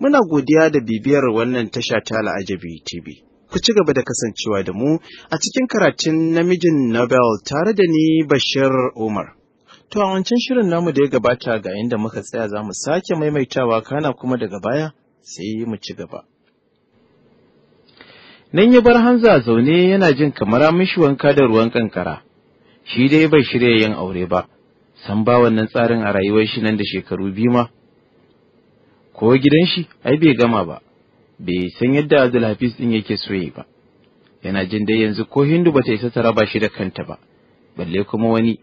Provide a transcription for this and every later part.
Muna godiya da bibiyar wannan tasha ta Al'ajabi TV. Ku ci gaba da kasancewa da mu a cikin karatun namijin Nobel tare da ni Bashir Umar. To a wancan shirin namu da ya gabata ga inda muka tsaya za mu sake maimaitawa kana kuma daga baya sai mu ci gaba. Nan ya bar Hanza zaune yana jin kamar mishi wanka da ruwan kankara. Shi dai bai shirya yin aure ba, san ba wannan tsarin a rayuwar shi nan da shekaru biyu ma. ko gidan shi ai bai gama ba bai san yadda Abdul Hafiz din yake so ba yana jin dai yanzu ko Hindu bata isa ta raba shi da kanta ba balle kuma wani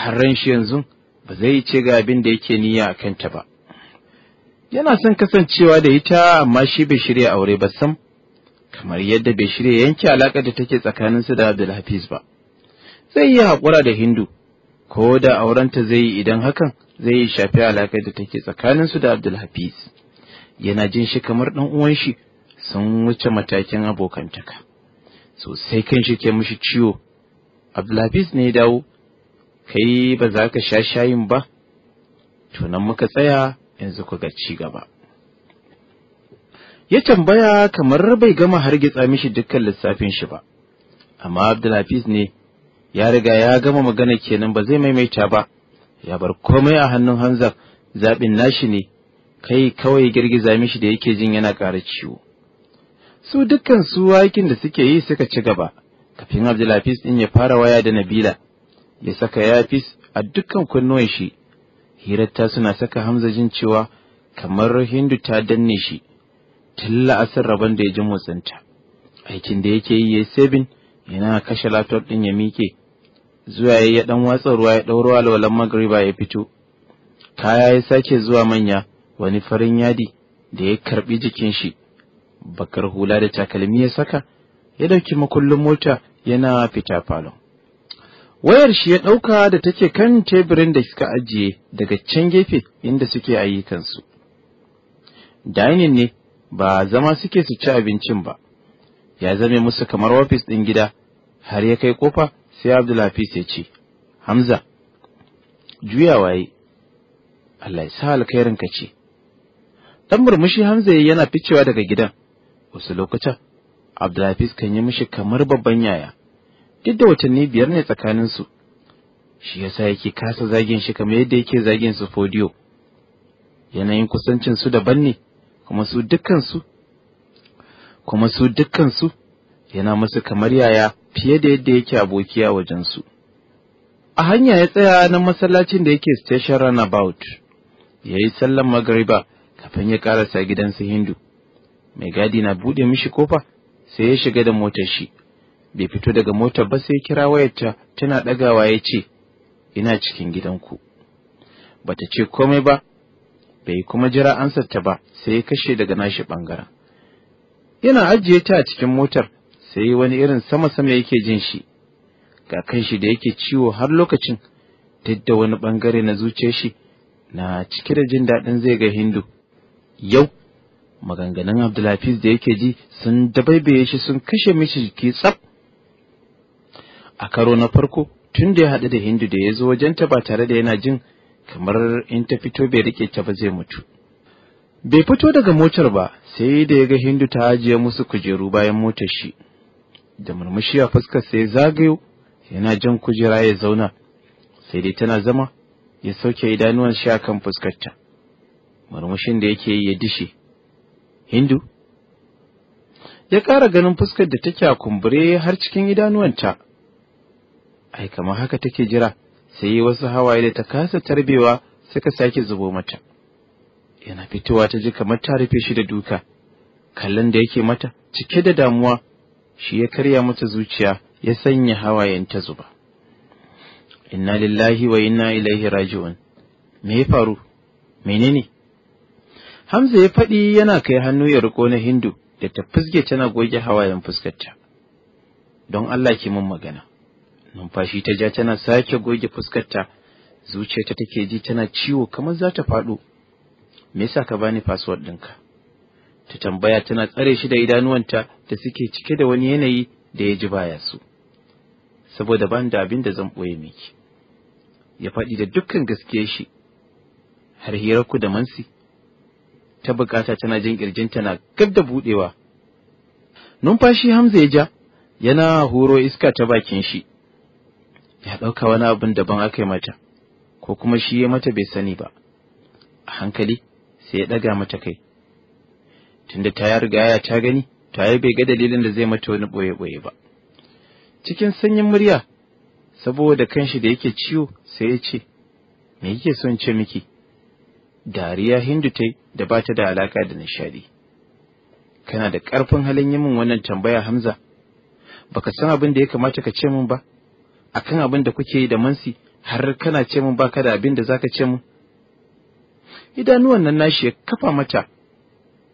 harran shi yanzu ba zai ce ga abin da yake niyya a kanta ba yana son kasancewa da ita amma shi bai shirya aure ba sam kamar yadda bai shirya yanke alaƙar da take tsakaninsu da Abdul Hafiz ba zai iya haƙura da Hindu ko da aurenta zai yi idan hakan zai yi shafi alaƙar da take tsakanin su da Abdulhafiz yana jin shi kamar ɗan uwan shi sun wuce matakin abokantaka sosai kan shi ke mishi ciwo Abdulhafiz ne ya dawo kai ba za ka sha shayin ba nan muka tsaya yanzu ku ga ci gaba ya tambaya kamar bai gama hargitsa mishi dukkan lissafin shi ba amma Abdulhafiz ne ya riga ya gama magana kenan ba zai maimaita ba ya bar komai a hannun hanzar zaɓin nashi ne kai kawai girgiza mishi da yake jin yana ƙara ciwo su dukkan su aikin da suke yi suka ci gaba kafin abdulhafiz ɗin ya fara waya da nabila ya saka yafis a dukkan kunnuwan shi hirarta suna saka hamza jin cewa kamar hindu ta danne shi tun la'asar rabon da ya ji motsinta aikin da yake yi ya sebin yana kashe laptop ɗin ya mike zuwa ya yi ɗan watsa ruwa ya ɗauro alwalan magariba ya fito kaya ya sake zuwa manya wani farin yadi da ya karɓi jikin shi bakar hula da takalmi ya saka ya ɗauki makullin mota yana fita falon wayar shi ya ɗauka da take kan teburin da suka ajiye daga can gefe inda suke ayyukansu dining ne ba zama suke su ci abincin ba ya zame musu kamar ofis ɗin gida har ya kai kofa sai Abdullahi ya ce Hamza juya waye Allah ya sa alkhairin ka ce dan murmushi Hamza yana ficewa daga gidan wasu lokutan Abdullahi kan yi mishi kamar babban yaya duk da watanni biyar ne tsakanin su shi yasa yake kasa zagin shi kamar yadda yake zagin su fodiyo yanayin kusancin su daban ne kuma su dukkan su kuma su dukkan yana musu kamar yaya fiye da yadda yake abokiya wajensu. A hanya ya tsaya na masallacin da yake station runabout, ya yi sallan magariba kafin ya karasa gidansa Hindu. Mai gadi na buɗe mishi kofa sai ya shiga da motar shi. Bai fito daga motar ba sai kira wayarta tana ɗagawa ya ce, Ina cikin gidanku. Bata ce komai ba, bai kuma jira ansarta ba sai ya kashe daga nashi ɓangaren. Yana ajiye ta a cikin motar sai wani irin sama-sama yake jin shi ga kan shi da yake ciwo har lokacin duk da wani bangare na zuce shi na cike da jin daɗin zai ga hindu yau maganganun abdulhafiz da yake ji sun dabaibaye shi sun kashe mishi jiki tsaf a karo na farko tun da ya haɗu da hindu da ya zo wajenta ba tare da yana jin kamar in ta fito bai rike ta ba zai mutu bai fito daga motar ba sai da ya ga hindu ta ajiye musu kujeru bayan motar shi da murmushi a fuskar sai zagayo yana jan kujera ya zauna sai dai tana zama ya sauke idanuwan shi akan fuskarta murmushin da yake yi ya dishe hindu ya ƙara ganin fuskar da take a kumbure har cikin idanuwanta ai kamar haka take jira sai yi wasu hawaye da ta kasa tarbewa suka sake zubo mata yana fitowa ta ji kamar ta rufe shi da duka kallon da yake mata cike da damuwa shi ya karya mata zuciya ya sanya hawayen ta zuba inna lillahi wa inna ilaihi raji'un me ya faru menene Hamza ya faɗi yana kai hannu ya riko na Hindu da ta fusge tana goge hawayen fuskarta don Allah ki mun magana numfashi ta ja tana sake goge fuskarta zuciyarta take ji tana ciwo kamar za ta faɗo me yasa ka bani password ɗinka ta tambaya tana tsare shi da idanuwanta da suke cike da wani yanayi da ya ji baya su saboda ban da abin da zan ɓoye miki ya faɗi da dukkan gaskiyar shi har hirar ku da mansi ta bukata tana jin kirjinta na gab da buɗewa numfashi hamza ya ja yana horo iska ta bakin shi ya ɗauka wani abin daban aka yi mata ko kuma shi ya mata bai sani ba a hankali sai ya ɗaga mata kai tunda ta ya riga ya ta gani to ai bai ga dalilin da zai mata wani boye-boye ba cikin sanyin murya saboda kanshi da yake ciwo sai ya ce me yake son ce miki dariya hindu tai da ba ta da alaka da nishadi kana da ƙarfin halin yi min wannan tambaya hamza baka san abin da ya kamata ka ce min ba akan abin da kuke yi da mansi har kana ce min baka da abin da za ka ce min idanuwan nan nashi ya kafa mata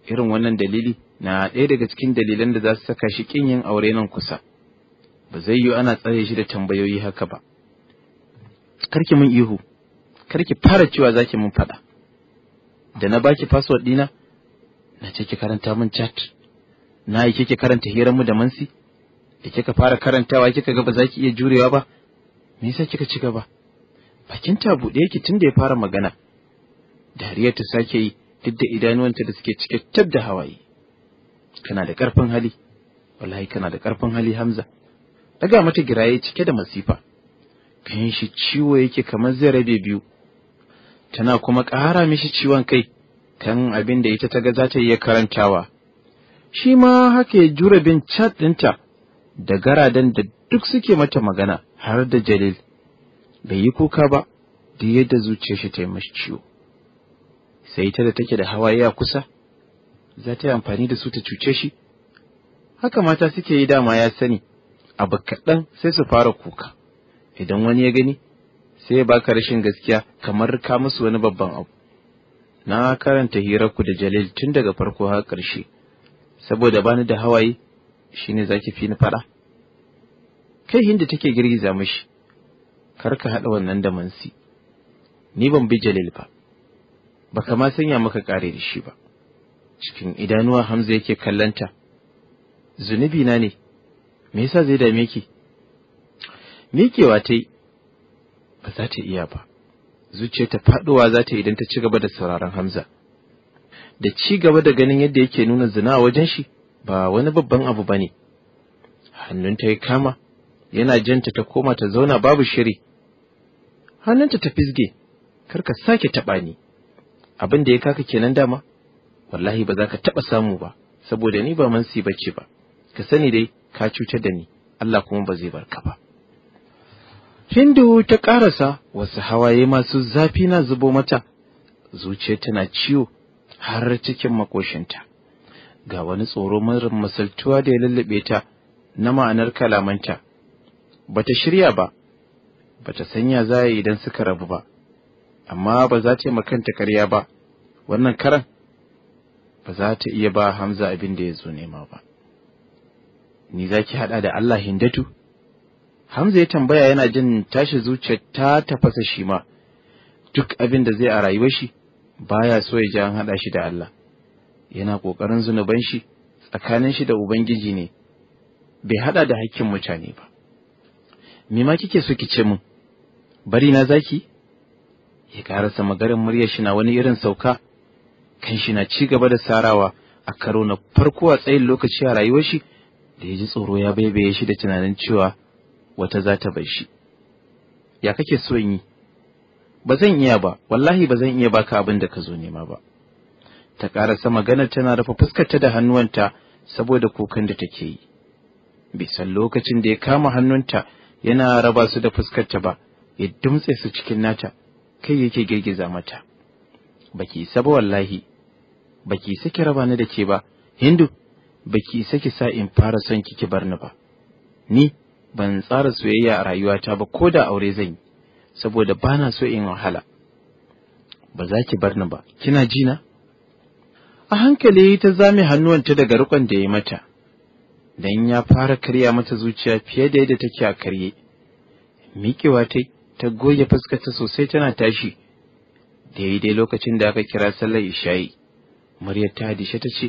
irin wannan dalili na ɗaya daga cikin dalilan da za su saka shi ƙin yin aure nan kusa ba zai yiwu ana tsare shi da tambayoyi haka ba karki mun ihu karki fara cewa za ki mun faɗa da na baki password ɗina na ce ki karanta mun chat na yi kike karanta hirar mu da mansi da kika fara karantawa kika ga ba za ki iya jurewa ba me yasa kika ci gaba bakin ta buɗe ki tun da ya fara magana dariyar ta sake yi duk da idanuwanta da suke cike da hawaye kana da ƙarfin hali wallahi kana da ƙarfin hali hamza daga mata giraye cike da masifa kan shi ciwo yake kamar zai rabe biyu tana kuma ƙara mishi ciwon kai kan abin da ita ta ga za ta iya karantawa shi ma haka ya jure bin chat ɗinta da garadan da duk suke mata magana har da jalil bai yi kuka ba da yadda zuciyar shi ta yi mashi ciwo sai ita da take da hawaye a kusa za ta yi amfani da su ta cuce shi haka mata suke yi dama ya sani abu kaɗan sai su fara kuka idan wani ya gani sai ya baka rashin gaskiya kamar ka musu wani babban abu na karanta ku da jalil tun daga farko har ƙarshe saboda bani da hawaye shine zaki fi ni faɗa kai hinda take girgiza mashi kar ka haɗa wannan da mansi ni ban bi jalil ba baka ma sanya maka kare da shi ba cikin idanuwa Hamza yake kallanta zunubi na ne me yasa zai dame ki mikewa ta yi ba za ta iya ba zuciya ta faɗuwa za ta idan ta ci gaba da sauraron Hamza da ci gaba da ganin yadda yake nuna zina a wajen shi ba wani babban abu ba bane hannunta ya kama yana janta ta koma ta zauna babu shiri hannunta ta fisge kar ka sake taɓa ni abin da ya kaka kenan dama wallahi ba za ka taɓa samu ba saboda ni ba mansi ce ba ka sani dai ka cutar da ni Allah kuma ba zai bar ka ba Hindu ta ƙarasa wasu hawaye masu zafi na zubo mata zuciya tana ciwo har cikin makoshinta ga wani tsoro marar masaltuwa da ya lallabe ta na ma'anar kalamanta bata shirya ba bata sanya za idan suka rabu ba amma ba za ta yi makanta karya ba wannan karan ba za ta iya ba Hamza abin da ya zo nema ba. Ni za ki haɗa da Allah hindatu? Hamza ya tambaya yana jin tashi zuciyar ta tafasa shi ma, duk abin da zai a rayuwar shi baya so ya ji an haɗa shi da Allah. Yana ƙoƙarin zunuban shi tsakanin shi da Ubangiji ne, bai haɗa da hakkin mutane ba. Me ma kike so ki ce min? Bari na zaki? Ya ƙarasa magarin muryar shi na wani irin sauka. kan shi na ci gaba da sarawa a karo na farko a tsayin lokaci a rayuwar shi da ya ji tsoro ya baibaye shi da tunanin cewa wata za ta bar shi ya kake so yi ba zan iya ba wallahi ba zan iya baka abin da ka zo nema ba ta karasa maganar tana rufe fuskarta da hannuwanta saboda kukan da take yi bisan lokacin da ya kama hannunta yana raba su da fuskarta ba ya dumtse su cikin nata kai yake girgiza mata baki saba wallahi baki saki raba ni da ke ba hindu baki saki sa in fara son ki ki bar ni ba ni ban tsara soyayya a rayuwata ba ko da aure zan yi saboda bana so in wahala ba za ki bar ni ba kina jina. a hankali ta zame hannuwanta daga rukon da ya mata dan ya fara karya mata zuciya fiye da yadda take a karye miƙewa ta ta goge fuskarta sosai tana tashi daidai lokacin da aka kira sallar isha'i muryar ta hadishe ta ce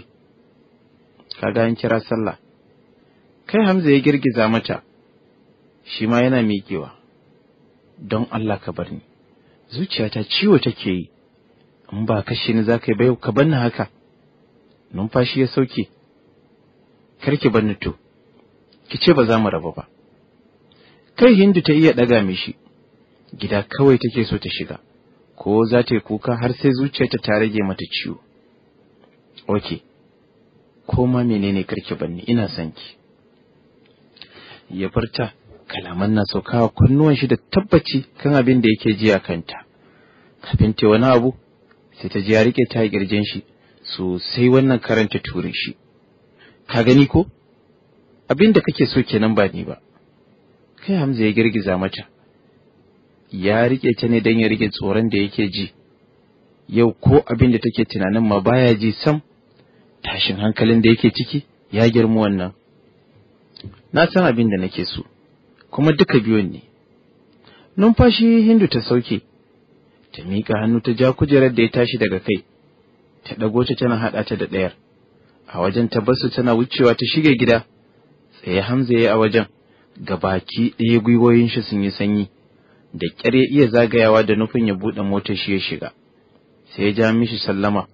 kaga yin kira sallah kai hamza ya girgiza mata shi ma yana miƙewa don Allah ka bar ni zuciyata ciwo take yi in ba kashe ni za ka yi bayo ka bar ni haka numfashi ya sauke karki bar ni to ki ce ba za mu raba ba kai hindu ta iya ɗaga mishi gida kawai take so ta shiga ko za ta yi kuka har sai zuciyarta ta rage mata ciwo ok ko ma menene karki banni ina son ki ya furta kalaman na saukawa kunnuwan shi da tabbaci kan abin da yake ji a kanta kafin ta wani abu sai ta ji ya rike ta girgin shi sosai wannan karanta turin shi ka gani ko abin da kake so kenan ba ni ba kai Hamza ya girgiza mata ya rike ta ne don ya rike tsoron da yake ji yau ko abin da take tunanin ma baya ji sam tashin hankalin da yake ciki ya girma wannan na san abin da nake so kuma duka biyun ne numfashi hindu ta sauke ta miƙa hannu ta ja kujerar da ya tashi daga kai ta ɗago ta tana haɗa ta da ɗayar a wajen ta basu tana wucewa ta shige gida tsaye hamza ya a wajen Ga baki ɗaya gwiwoyin shi sun yi sanyi da ƙyar ya iya zagayawa da nufin ya buɗe motar shi ya shiga sai ya ja mishi sallama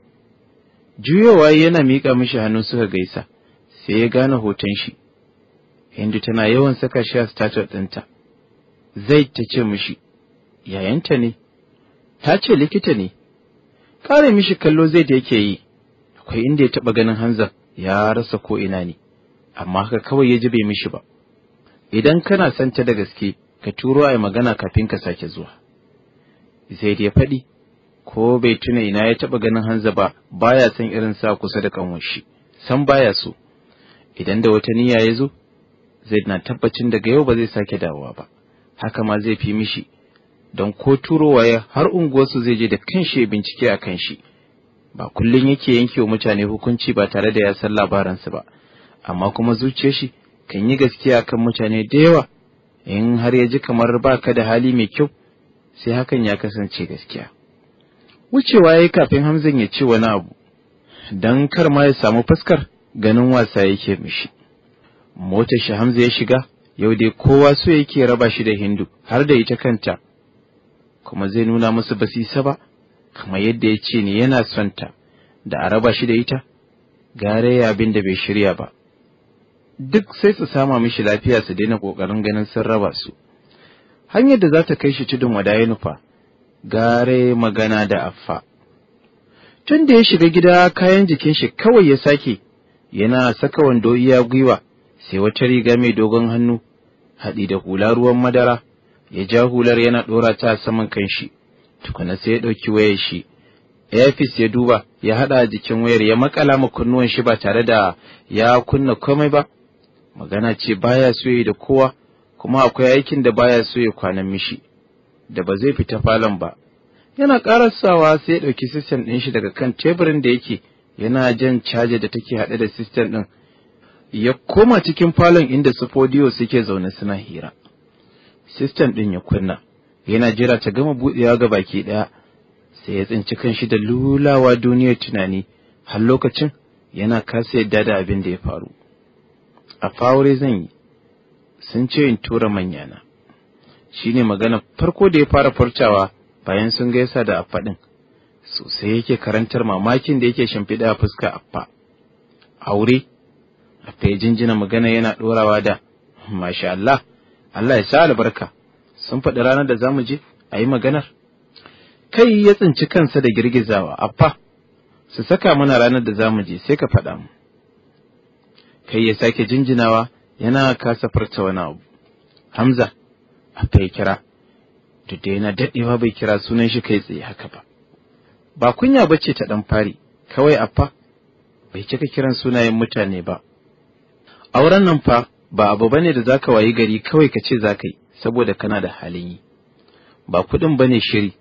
juyowa yana miƙa mishi hannu suka gaisa sai ya gane hoton shi hindu tana yawan saka shi a statue ɗinta zaid ta ce mishi yayanta ne ta ce likita ne ƙara mishi kallo zai da yake yi akwai inda ya taɓa ganin hanza ya rasa ko ina ne amma haka kawai ya ji bai mishi ba idan kana santa da gaske ka turo a magana kafin ka sake zuwa zai ya faɗi ko bai tuna ina ya taɓa ganin hanza ba baya san irin sa kusa da kanwar shi san baya so idan da wata niyya ya zo zai na tabbacin daga yau ba zai sake dawowa ba haka ma zai fi mishi don ko turowa ya har unguwarsu zai je da kanshi ya bincike a kan shi ba kullum yake yanke wa mutane hukunci ba tare da ya san labaransu ba amma kuma zuciyar shi kan yi gaskiya kan mutane da yawa in har ya ji kamar ba ka da hali mai kyau sai hakan ya kasance gaskiya wucewa ya yi kafin hamzan ya ce wani abu don kar ma ya samu fuskar ganin wasa yake mishi motar shi hamza ya shiga yau dai kowa so yake raba shi da hindu har da ita kanta kuma zai nuna musu basisa ba kamar yadda ya ce ni yana son ta da a raba shi da ita gare ya abin da bai shirya ba duk sai su sama mishi lafiya su daina ƙoƙarin ganin sun raba su hanyar da za ta kai shi tudun wadaye nufa gare magana da affa. Tun da ya shiga gida kayan jikin shi kawai ya sake, yana saka wando iya gwiwa, sai wata riga mai dogon hannu, haɗi da hula ruwan madara, ya ja hular yana ɗora ta saman kanshi, tukuna sai ya ɗauki wayar shi. Efis ya duba, ya haɗa jikin wayar ya makala ma kunnuwan shi ba tare da ya kunna komai ba, magana ce baya so da kowa, kuma akwai aikin da baya so ya kwanan mishi. da ba zai fita falon ba yana ƙarasawa sai ya ɗauki sistem ɗin shi daga kan teburin da yake yana jan caja da take haɗe da sistem ɗin ya koma cikin falon inda su fodiyo suke zaune suna hira sistem ɗin ya kunna yana jira ta gama buɗewa ga baki ɗaya sai ya tsinci kan shi da lulawa duniyar tunani har lokacin yana kasa yadda da abin da ya faru a fawure zan yi sun ce in tura manyana shine magana farko da ya fara furcawa bayan sun gaisa da affa din sosai yake karantar mamakin da yake shimfiɗa a fuska affa aure affa ya jinjina magana yana ɗorawa da masha Allah Allah ya sa albarka sun faɗi ranar da zamu je a yi maganar kai ya tsinci kansa da girgizawa affa su saka mana ranar da zamu je sai ka faɗa mu kai ya sake jinjinawa yana kasa furta wani abu Hamza aka yi kira duk da yana daɗewa bai kira sunan shi kai tsaye haka ba ba kunya ba ce ta ɗan fari kawai affa bai cika kiran sunayen mutane ba auren nan fa ba abu bane da za ka wayi gari kawai ka ce za ka yi saboda kana da halin yi ba kuɗin bane shiri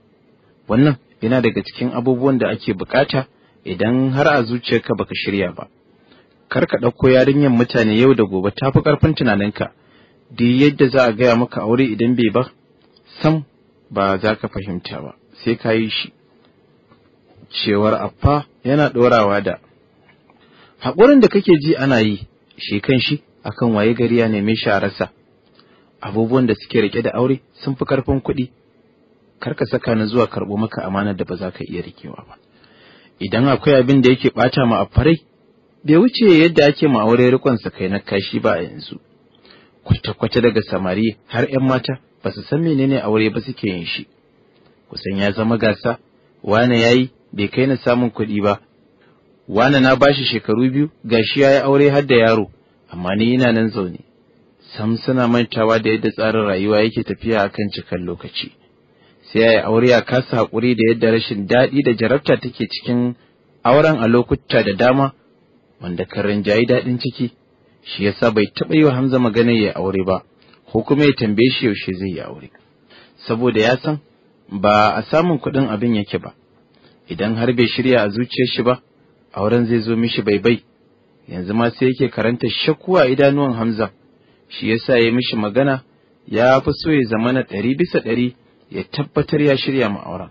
wannan yana daga cikin abubuwan da ake bukata idan har a zuciyarka baka shirya ba kar ka ɗauko yarinyar mutane yau da gobe tafi ƙarfin tunaninka da yadda za a gaya maka aure idan bai ba sam ba za ka fahimta ba sai ka yi shi cewar affa yana ɗorawa da haƙurin da kake ji ana yi shi kan shi akan waye gari ya neme shararsa abubuwan da suke rike da aure sun fi ƙarfin kuɗi karka saka ni zuwa karɓo maka amanar da ba za ka iya rikewa ba idan akwai abin da yake ɓata ma affarai bai wuce yadda ake ma aure rikon sa kai na kashi ba a yanzu kwace-kwace daga samari har 'yan mata ba su san menene aure ba suke yin shi kusan ya zama gasa wane ya yi bai kai na samun kuɗi ba wane na ba shi shekaru biyu gashi ya yi aure har da yaro amma ni yana nan zaune sam suna mantawa da yadda tsarin rayuwa yake tafiya a kan cikan lokaci sai ya yi aure a kasa haƙuri da yadda rashin daɗi da jarabta take cikin auren a lokuta da dama wanda kan rinjayi daɗin ciki shi yasa bai taɓa yi wa Hamza magana ya aure ba ko kuma ya tambaye shi yaushe zai yi aure saboda ya san ba a samun kuɗin abin yake ba idan har bai shirya a zuciyar shi ba auren zai zo mishi bai bai yanzu ma sai yake karanta shakku a idanuwan Hamza shi yasa ya mishi magana ya fi so ya zama na ɗari bisa ɗari ya tabbatar ya shirya ma auren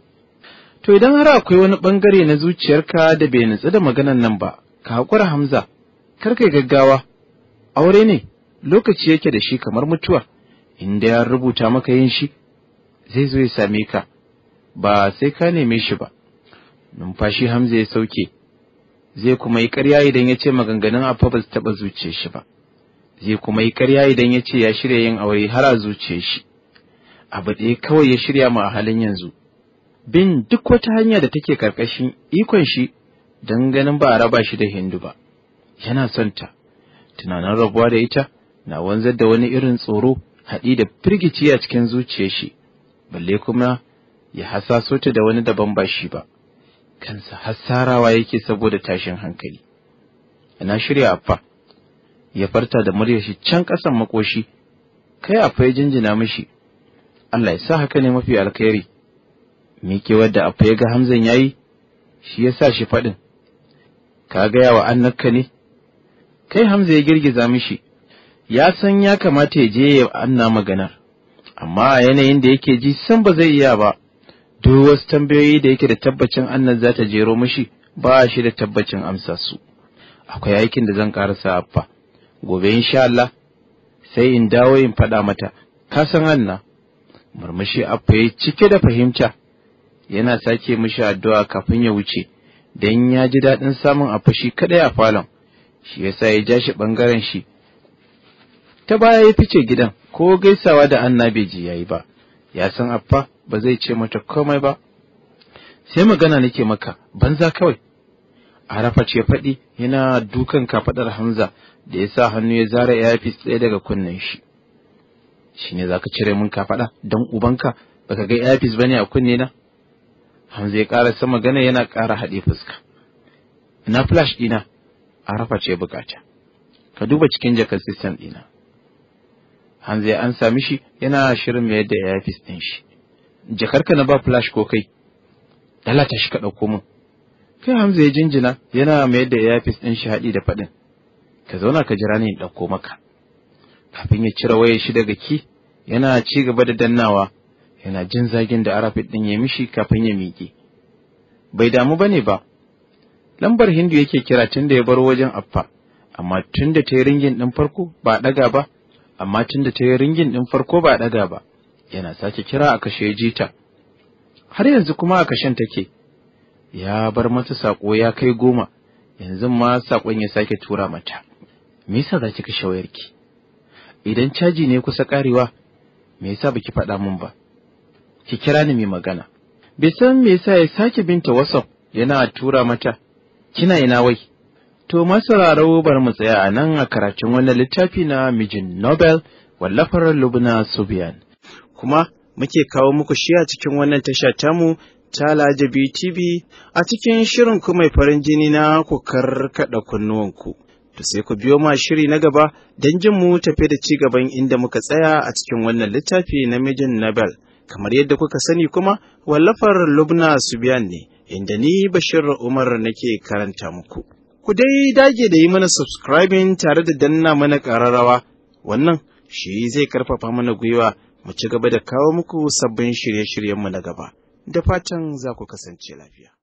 to idan har akwai wani bangare na zuciyarka da bai nutsu da maganan nan ba ka haƙura Hamza kar kai gaggawa aure ne lokaci yake da shi kamar mutuwa inda ya rubuta maka yin shi zai zo ya same ka ba sai ka neme shi ba numfashi hamza ya sauke zai kuma yi ƙarya idan ya ce maganganun afa ba su taɓa zuciya shi ba zai kuma yi karya idan ya ce ya shirya yin aure har a zuciya shi abu ɗaya kawai ya shirya ma a halin yanzu bin duk wata hanya da take karkashin ikon shi don ganin ba a raba shi da hindu ba yana son ta tunanin rabuwa da ita na wanzar da wani irin tsoro haɗi da firgici a cikin zuciyar shi balle kuma ya hasaso ta da wani daban ba shi ba kansa hasarawa yake saboda tashin hankali na shirya affa ya farta da murya shi can ƙasan makoshi kai affa ya jinjina mishi Allah ya sa haka ne mafi alkhairi miƙewar da affa ya ga Hamzan yayi shi ya sa shi faɗin ka gaya wa annabka ne kai Hamza ya girgiza mishi ya san ya kamata ya je ya anna maganar amma yanayin da yake ji san ba zai iya ba duk wasu tambayoyi da yake da tabbacin annan za ta jero mishi ba shi da tabbacin amsa su akwai aikin da zan ƙarasa abba gobe insha Allah sai in dawo in faɗa mata ka san anna murmushi abba ya cike da fahimta yana sake mishi addu'a kafin ya wuce don ya ji daɗin samun fushi kaɗai a falon shi yasa ya ja shi ɓangaren shi ta baya ya fice gidan ko gaisawa da anna bai ji yayi ba ya san affa ba zai ce mata komai ba sai magana nake maka banza kawai arafa ce faɗi yana dukan kafaɗar hamza da ya sa hannu ya zara fi ɗaya daga kunnen shi shi ne za ka cire min kafaɗa don ubanka baka ga earpiece ba ne a kunne na hamza ya ƙara sama magana yana ƙara haɗe fuska ina flash ɗina arafa ce bukata ka duba cikin jakar system dina hanzu an sami shi yana shirin mai yadda ya fi din shi ka na ba flash ko kai dalata shi ka ɗauko mun. kai hamza ya jinjina yana mai yadda ya fi din shi haɗi da faɗin ka zauna ka jira ni ɗauko maka kafin ya cire wayar shi daga ki yana ci gaba da dannawa yana jin zagin da arafit ɗin ya mishi kafin ya miƙe bai damu bane ba lambar hindu yake kira tun da ya bar wajen affa amma tun da ta yi ringin ɗin farko ba ɗaga ba amma tun da ta yi ringin ɗin farko ba ɗaga ba yana sake kira a kashe jita har yanzu kuma a kashen take ya bar masa saƙo ya kai goma yanzu ma saƙon ya sake tura mata me yasa za ki kashe wayarki idan caji ne kusa ƙarewa me yasa baki faɗa min ba ki kira ni mai magana bai san me yasa ya sake binta wasaf yana tura mata kina ina wai to masararo bar mu tsaya a nan a karatun wannan littafi na mijin Nobel wallafar Lubna Subiyan kuma muke kawo muku shi a cikin wannan tasha tamu ta Lajabi TV a cikin shirin ku mai farin jini na ku karkada kunnuwanku to sai ku biyo ma shiri na gaba don jin mu tafi da ci gaban inda muka tsaya a cikin wannan littafi na mijin Nobel. Kamar yadda kuka sani kuma wallafar Lubna Subiyan ne, inda ni Bashir Umar nake karanta muku. Ku dai dage da yi mana subscribing tare da danna mana ƙararrawa, wannan shi zai karfafa mana gwiwa mu ci gaba da kawo muku sabbin shirye-shiryenmu na gaba. Da fatan za ku kasance lafiya.